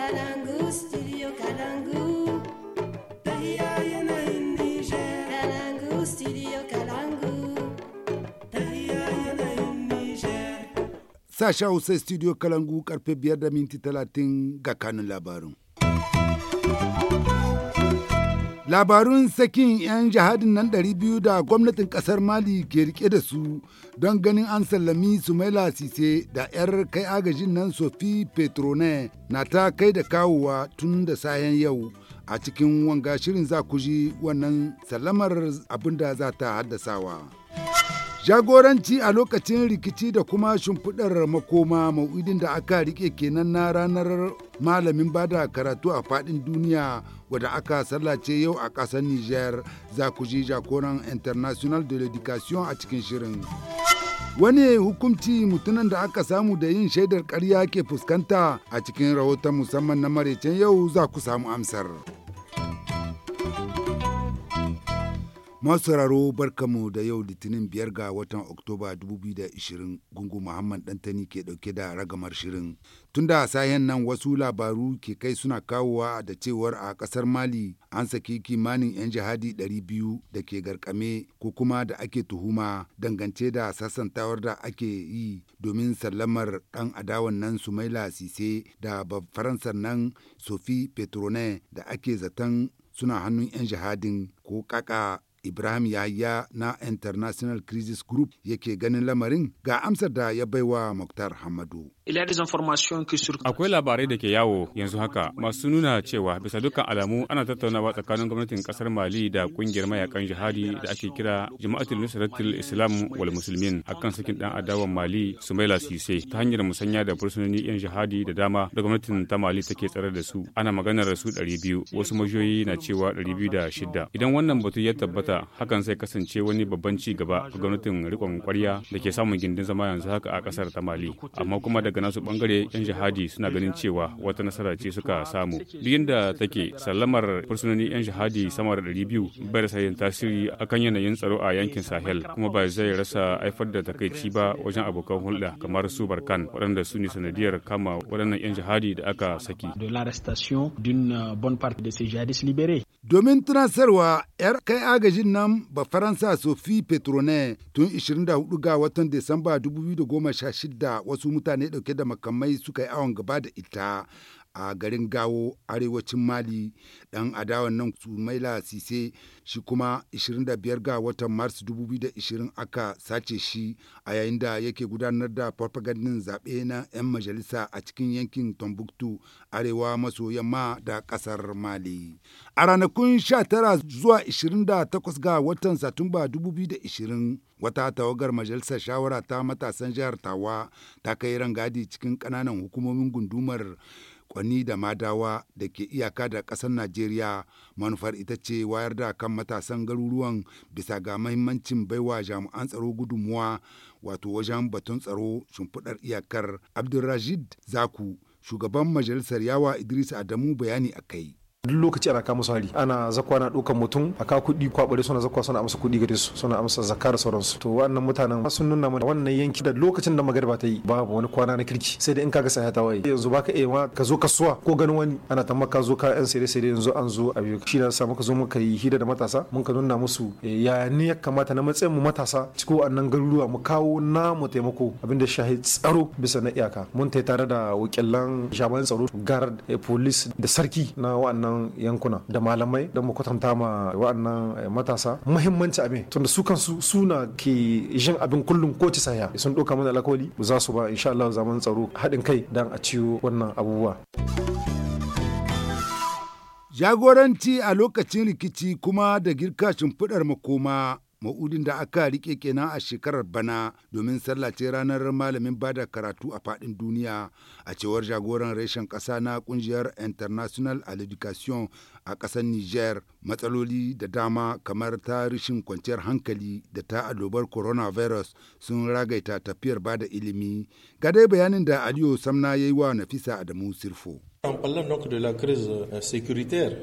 Kalangu, studio Kalangu. Tahiya Kalangu, yana Sasha Hausa studio Kalangu karfe biyar da minti talatin ga kanun labarin. labarun sakin 'yan jihadin nan 200 da gwamnatin kasar mali ke rike da su don ganin an sallami sumaila sise da 'yar kai agajin nan sophie petrone na ta kai da kawowa tun da sayan yau a cikin wanga shirin za ku ji wannan sallamar abinda da za ta haddasawa. Jagoranci a lokacin rikici da kuma shimfiɗar makoma mau'idin da aka rike kenan na ranar malamin ba da karatu a faɗin duniya wadda aka sallace yau a ƙasar niger za ku ji jagoran International de l'Education a cikin shirin. Wani hukunci mutunan da aka samu da yin shaidar karya ke fuskanta a cikin rahoton musamman na maraicen yau za ku samu amsar. masauraro barkamu da yau litinin biyar ga watan oktoba 2020 gungu muhammad dantani ke dauke da ragamar shirin tunda sahen nan wasu labaru ke kai suna kawowa da cewar a kasar mali an saki kimanin 'yan jihadi 200 da ke garkame ko kuma da ake tuhuma dangance da sassantawar da ake yi domin sallamar dan adawan nan sumaila sise da faransar nan sophie petronet da ake zaton suna hannun 'yan jihadin ko kaka Ibrahim Yahya na International Crisis Group yake ganin lamarin ga amsar da ya baiwa Muktar Hamadu. Akwai labarai da ke yawo yanzu haka masu nuna cewa bisa dukkan alamu ana tattaunawa tsakanin gwamnatin kasar Mali da kungiyar mayakan jihadi da ake kira Jama'atul Nusratul Islam wal Muslimin akan sakin dan adawan Mali Sumaila Sise ta hanyar musanya da fursunoni yan jihadi da dama da gwamnatin ta Mali take tsare da su ana maganar su 200 wasu majiyoyi na cewa 206 idan wannan batu ya tabbata kamata hakan sai kasance wani babban ci gaba a gwamnatin rikon kwarya da ke samun gindin zama yanzu haka a kasar ta mali amma kuma daga nasu bangare yan jihadi suna ganin cewa wata nasara ce suka samu duk inda take sallamar fursunoni yan jihadi sama da 200 bai rasa yin tasiri akan yanayin tsaro a yankin sahel kuma ba zai rasa haifar da takaici ba wajen abokan hulɗa kamar su barkan waɗanda su ne sanadiyar kama waɗannan yan jihadi da aka saki domin transferwa yar kai agaji sojojin nan ba Faransa Sophie Petrone tun 24 ga watan Disamba 2016 wasu mutane dauke da makamai suka yi awon gaba da ita a garin Gawo arewacin Mali dan adawan nan maila Sise shi kuma 25 ga watan Mars 2020 aka sace shi a yayin da yake gudanar da farfagandin zaɓe na 'yan majalisa a cikin yankin Tombuktu arewa maso yamma da ƙasar Mali. A ranakun 19 zuwa 28 ga watan Satumba 2020 wata tawagar majalisar shawara ta matasan jihar Tawa ta kai rangadi cikin ƙananan hukumomin gundumar kwani da madawa da ke iyaka da ƙasar najeriya manufar ita ce wayar da kan matasan garuruwan bisa ga mahimmancin baiwa jami'an tsaro gudunmuwa wato wajen batun tsaro shimfiɗar iyakar abdulrajid zaku shugaban majalisar yawa idris adamu bayani a kai duk lokaci ana kama su hari ana zakwa na dukan mutum a ka kuɗi kwaɓare suna zakwa suna amsa kuɗi gare su suna amsa zakka da sauransu to wannan mutanen sun nuna mana wannan yanki da lokacin da magariba ta yi babu wani kwana na kirki sai da in kaga sai ta waye yanzu baka iya ka zo kasuwa ko ganin wani ana tamma ka zo ka yan sere sere yanzu an zo a biyu shi na sa muka zo muka yi hira da matasa mun ka nuna musu eh, ya ne ya kamata na matsayin mu matasa cikin wannan garuruwa mu kawo namu taimako abinda shahi tsaro bisa na iyaka mun tai tare da wakilan jami'an tsaro gar eh, police da sarki na wannan waɗannan yankuna da malamai don mu kwatanta ma waɗannan eh, matasa muhimmanci abin tunda su kansu suna ke jin abin kullum ko ci saya sun ɗauka mana ba za su ba insha Allah zaman tsaro haɗin kai don a ciwo wannan abubuwa. Jagoranci a lokacin rikici kuma da girka shimfiɗar makoma ma'udin da aka rike kenan a shekarar bana domin sallace ranar malamin bada karatu a fadin duniya a cewar jagoran reshen kasa na kungiyar international education a ƙasar Nijar matsaloli da dama kamar ta rishin kwanciyar hankali da ta adobar coronavirus sun ragaita tafiyar bada ilimi. Ga bayanin da Aliyu Samna ya yi wa Nafisa Adamu Sirfo. Euh,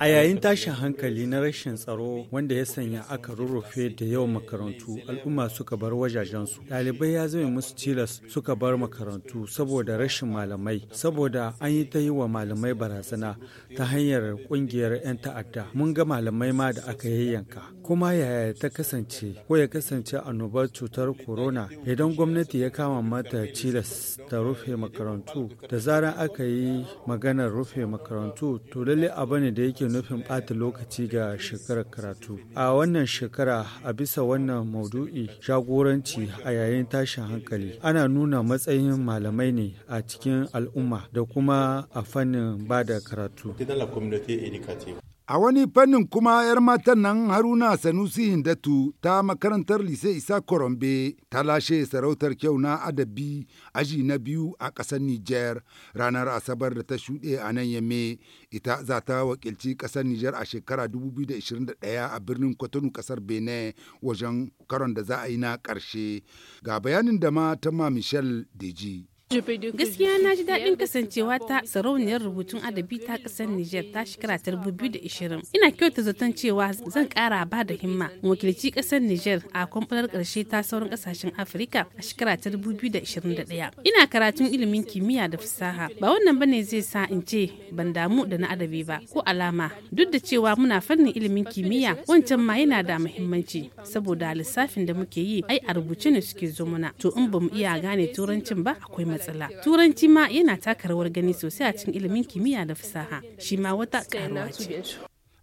a yayin tashin hankali na rashin tsaro wanda ya sanya aka rurrufe da yawan makarantu, al'umma suka bar wajajensu. Ɗalibai ya zama musu tilas suka bar makarantu saboda rashin malamai, saboda an yi ta yi wa malamai barazana ta hanyar ƙungiyar 'yan 'yan ta'adda mun ga malamai ma da aka yayyanka kuma yaya ta kasance ko ya kasance annobar cutar corona idan gwamnati ya kama mata cilas ta rufe makarantu da zarar aka yi maganar rufe makarantu to lalle abu ne da yake nufin bata lokaci ga shekarar karatu a wannan shekara a bisa wannan maudu'i jagoranci a yayin tashin hankali ana nuna matsayin malamai ne a cikin al'umma da kuma a fannin ba da karatu. A wani fannin kuma 'yar matan nan Haruna Sanusi Hindatu ta makarantar Lise Isa Korombe ta lashe sarautar kyau na adabi aji na biyu a ƙasar Nijar ranar Asabar da ta shuɗe a nan Yame ita za ta wakilci ƙasar Nijar a shekara 2021 a birnin Kwatano ƙasar Benin wajen karon da za a yi na ƙarshe. Ga bayanin da ma ta ma Michel Deji. Gaskiya na ji daɗin kasancewa ta sarauniyar rubutun adabi ta ƙasar Nijar ta shekara ta ishirin Ina kyauta zaton cewa zan ƙara ba da himma wakilci ƙasar Nijar a kwamfanar ƙarshe ta sauran ƙasashen Afirka a shekara ta ɗaya Ina karatun ilimin kimiyya da fasaha. Ba wannan ne zai sa in ce ban damu da na adabi ba ko alama duk da cewa muna fannin ilimin kimiyya wancan ma yana da muhimmanci saboda lissafin da muke yi ai a rubuce ne suke zo mana. to in ba mu iya gane turancin ba akwai matsala. matsala turanci ma yana taka rawar gani sosai a cikin ilimin kimiyya da fasaha shi ma wata karuwa ce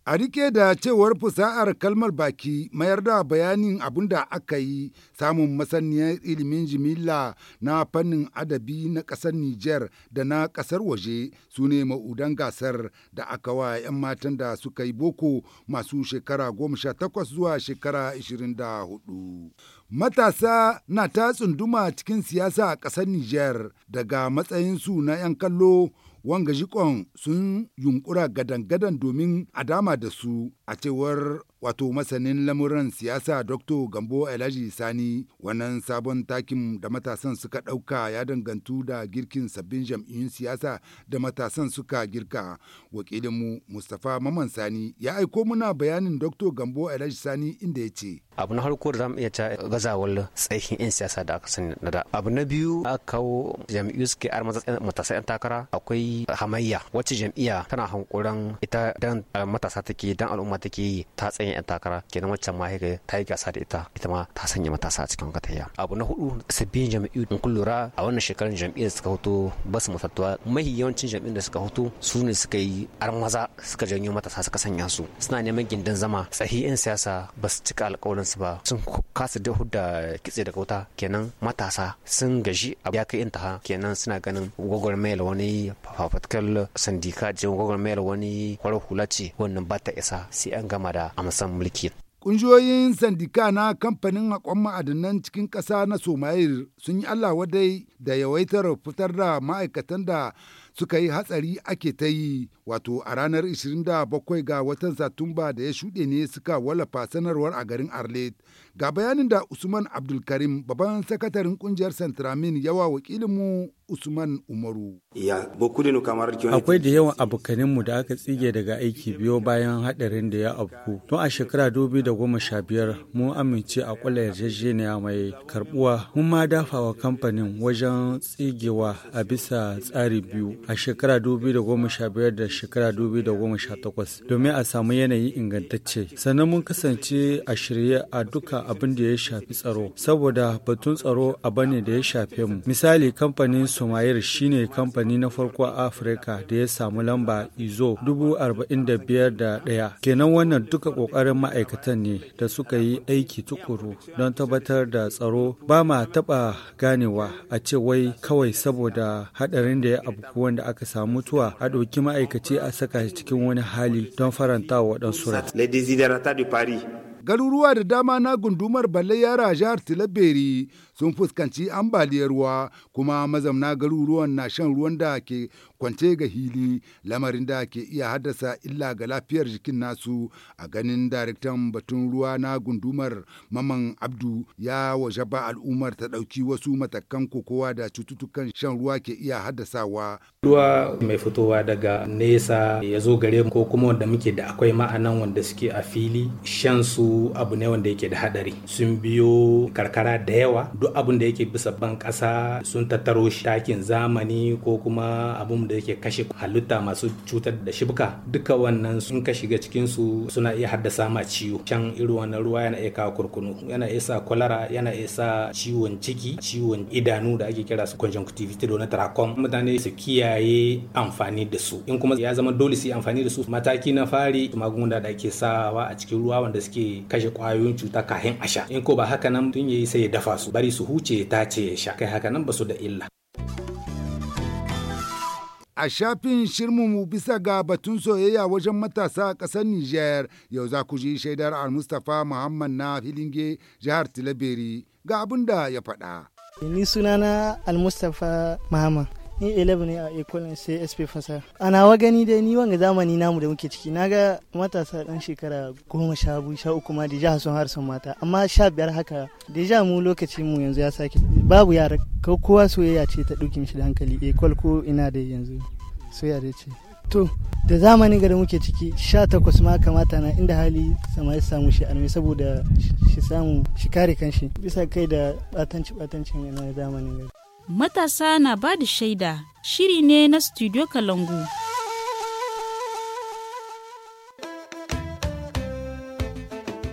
a rike da cewar fusa'ar kalmar baki mayar da bayanin abin da aka yi samun masaniyar ilimin jimilla na fannin adabi na ƙasar niger da na ƙasar waje su ne ma'udan gasar da aka wa 'yan matan da suka yi boko masu shekara 18 zuwa shekara 24 Matasa na ta tsunduma cikin siyasa a ƙasar Nijar daga matsayinsu na 'yan kallo wanga jikon sun yunkura gadan-gadan domin a dama da su a cewar wato masanin lamuran siyasa dr gambo alhaji sani wannan sabon takin da matasan suka ɗauka ya dangantu da girkin sabbin jam'iyyun siyasa da matasan suka girka wakilinmu mustapha maman sani ya aiko muna bayanin dr gambo alhaji sani inda ya ce abu na harko da zamu iya ta gazawar tsayin yan siyasa da aka sani na da abu na biyu a kawo jam'iyyu suke ar matasa yan takara akwai hamayya wacce jam'iyya tana hankuran ita dan matasa take dan al'umma take yi ta matsayin 'yan takara kenan wancan ma ta yi gasa da ita ita ma ta sanya matasa a cikin katayya abu na hudu sabbin jam'iyyu in kun lura a wannan shekarun jam'iyyar suka hoto ba su matattuwa mahi yawancin jam'iyyar da suka hoto su ne suka yi maza suka janyo matasa suka sanya su suna neman gindin zama tsahi 'yan siyasa ba su cika alkawarin su ba sun kasa da hudda kitse da kauta kenan matasa sun gaji a ya kai intaha kenan suna ganin gwagwarmayar wani fafatkar sandika jin gwagwarmayar wani kwarar hula ce wannan ba ta isa sai an gama da amsan mulki Ƙungiyoyin sandika na kamfanin haƙon ma'adanan cikin ƙasa na Somayil sun yi Allah wadai da yawaitar fitar da ma'aikatan da suka yi hatsari ake ta yi wato a ranar 27 ga watan satumba da ya shuɗe ne suka wallafa sanarwar a garin arlet ga bayanin da usman abdulkarim babban sakatarin kungiyar santramin yawa wakilinmu usman umaru akwai da yawan abokaninmu da aka tsige daga aiki biyo bayan haɗarin da ya afku tun a shekara 2015 mun amince a kwallo yarjejeniya mai karbuwa mun ma dafawa kamfanin wajen tsigewa a bisa tsari biyu a shekara 2015 da shekara 2018 domin a samu yanayi ingantacce. Sannan mun kasance a shirye a duka abin da ya shafi tsaro, saboda batun tsaro abu ne da ya shafe mu. Misali kamfanin Somayir shine kamfani na farko a Afirka da ya samu lamba izo 45,001. Kenan wannan duka kokarin ma'aikatan ne da suka yi aiki tukuru don tabbatar da tsaro ba ma taba ganewa a ce wai kawai saboda haɗarin da ya abu wanda aka samu mutuwa a ɗauki ma'aikaci a saka shi cikin wani hali don faranta wa waɗansu rai. Garuruwa da dama na gundumar balle yara jihar Tilaberi sun fuskanci ambaliyar ruwa kuma mazamna garuruwan na shan ruwan da ke kwance ga hili lamarin da ke iya haddasa illa ga lafiyar jikin nasu a ganin daraktan batun ruwa na gundumar maman abdu ya ba al'ummar ta ɗauki wasu matakan kokowa da cututtukan shan ruwa ke iya haddasawa. Ruwa mai fitowa daga nesa ya zo gare mu ko kuma wanda muke da akwai ma'anan wanda suke a fili shan su abu ne wanda yake da hadari sun biyo karkara da yawa duk abun da yake bisa ban ƙasa sun tattaro shi takin zamani ko kuma abun wanda yake kashe halitta masu cutar da shibka duka wannan sun ka shiga cikin su suna iya haddasa ma ciwo can irin wannan ruwa yana iya kawo kurkunu yana iya sa kwalara yana iya sa ciwon ciki ciwon idanu da ake kira su conjunctivitis da tracom mutane su kiyaye amfani da su in kuma ya zama dole su yi amfani da su mataki na fari magunguna da ake sawa a cikin ruwa wanda suke kashe kwayoyin cuta kahin a sha in ko ba haka nan tun yayi sai ya dafa su bari su huce ta ce ya sha kai haka nan ba su da illa a shafin shirmu bisa ga batun soyayya wajen matasa a ƙasar Nijar yau za ku ji shaidar Al-Mustapha Muhammad na Filinge jihar Tilaberi ga abin da ya faɗa. Ni sunana Al-Mustapha Muhammad. ni 11 ne a ekolin sai sp fasa a nawa gani dai ni wanga zamani namu da muke ciki naga matasa dan shekara goma sha biyu sha uku ma deja sun har mata amma sha biyar haka deja mu lokacin mu yanzu ya sake babu yara ko kowa soyayya ce ta ɗauki mishi da hankali ekol ko ina da yanzu soyayya ce to da zamani ga muke ciki sha takwas ma kamata na inda hali sama ya samu shi arme saboda shi samu shi kare kanshi bisa kai da batanci batancin na zamanin gari Matasa na ba da shaida shiri ne na Studio Kalangu.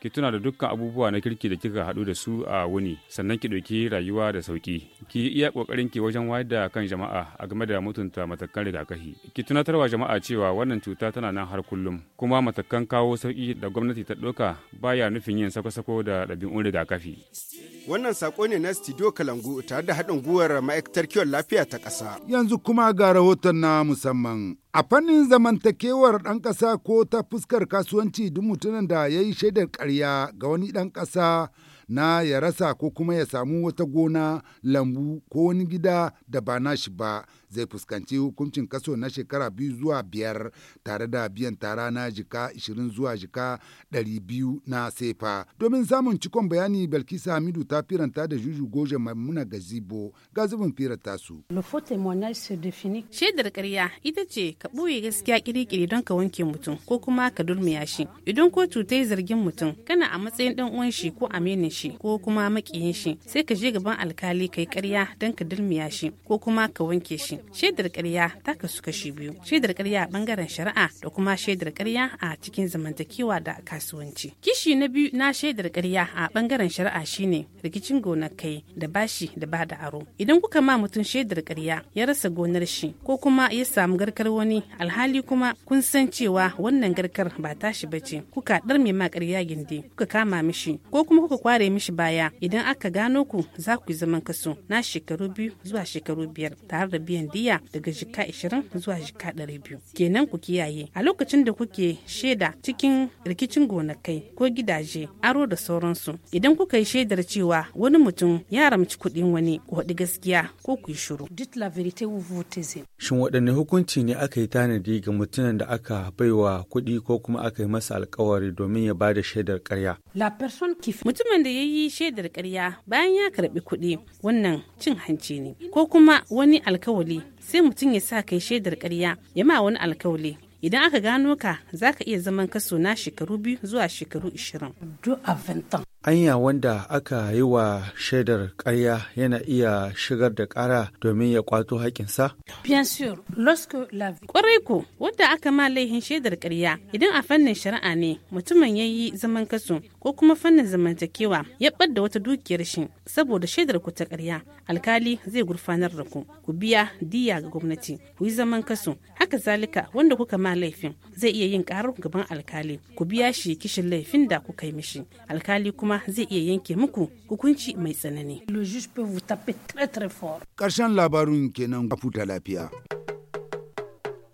ki tuna da dukkan abubuwa na kirki da kika haɗu da su a wuni sannan ki ɗauki rayuwa da sauki ki iya ƙoƙarin ki wajen wayar da kan jama'a a game da mutunta matakan rigakafi ki tunatarwa jama'a cewa wannan cuta tana nan har kullum kuma matakan kawo sauki da gwamnati ta ɗauka baya nufin yin sako-sako da ɗabi'un rigakafi. Wannan sako ne na Studio Kalangu tare da haɗin gwiwar ma'aikatar kiwon lafiya ta ƙasa. Yanzu kuma ga rahoton na musamman. A fannin zamantakewar ɗan ƙasa ko ta fuskar kasuwanci duk mutumin da ya yi shaidar ƙarya ga wani ɗan ƙasa na ya rasa ko kuma ya samu wata gona, lambu ko wani gida da ba nashi ba zai fuskanci hukuncin kaso na shekara biyu zuwa biyar tare da biyan tara na jika 20 zuwa jika 200 na sefa. Domin samun cikon bayani Balkisa Hamidu ta firanta da Juju Goje Maimuna Gazibo gazibin firanta su. Shaidar karya ita ce ka ɓoye gaskiya kirikiri don ka wanke mutum ko kuma ka durmiya shi. Idan kotu ta yi zargin mutum kana a matsayin ɗan uwan shi ko aminin shi ko kuma makiyin shi sai ka je gaban alkali kai karya don ka durmiya shi ko kuma ka wanke shi. shaidar ƙarya ta kasu kashi biyu shaidar ƙarya a bangaren shari'a da kuma shaidar karya a cikin zamantakewa da kasuwanci kishi na biyu na shaidar karya a bangaren shari'a shine rikicin kai da bashi da ba da aro idan kuka ma mutum shaidar karya ya rasa gonar shi ko kuma ya samu garkar wani alhali kuma kun san cewa wannan garkar ba tashi bace kuka ɗarme ma karya gindi kuka kama mishi ko kuma kuka kware mishi baya idan aka gano ku za ku yi zaman kaso na shekaru biyu zuwa shekaru biyar tare da biyan diya daga jika 20 zuwa jika 200 kenan ku kiyaye a lokacin da kuke shaida cikin rikicin gonakai ko gidaje aro da sauransu idan kuka yi shaidar cewa wani mutum ya ramci kuɗin wani ku gaskiya ko ku yi shuru. shin waɗanne hukunci ne aka yi tanadi ga mutumin da aka baiwa kuɗi ko kuma aka yi masa alkawari domin ya ba da shaidar ƙarya Mutumin da ya yi shaidar karya bayan ya karɓi kuɗi wannan cin hanci ne ko kuma wani alkawali sai mutum ya sa kai shaidar karya ya ma wani alkawali idan aka gano ka za ka iya zaman kaso na shekaru biyu zuwa shekaru ishirin. anya wanda aka yi wa shaidar karya yana iya shigar da ƙara domin ya kwato haƙinsa? Bien sûr, lorsque la Ƙwarai ko, wanda aka ma laihin shaidar karya idan a fannin shari'a ne mutumin ya yi zaman kaso ko kuma fannin zamantakewa ya ɓadda wata dukiyar shi saboda shaidar ku ta karya alkali zai gurfanar da ku, ku biya diya ga gwamnati, ku yi zaman kaso haka zalika wanda kuka ma laifin zai iya yin karar gaban alkali ku biya shi kishin laifin da kuka yi mishi alkali kuma zai iya yanke muku hukunci mai tsanani ƙarshen labarin kenan a futa lafiya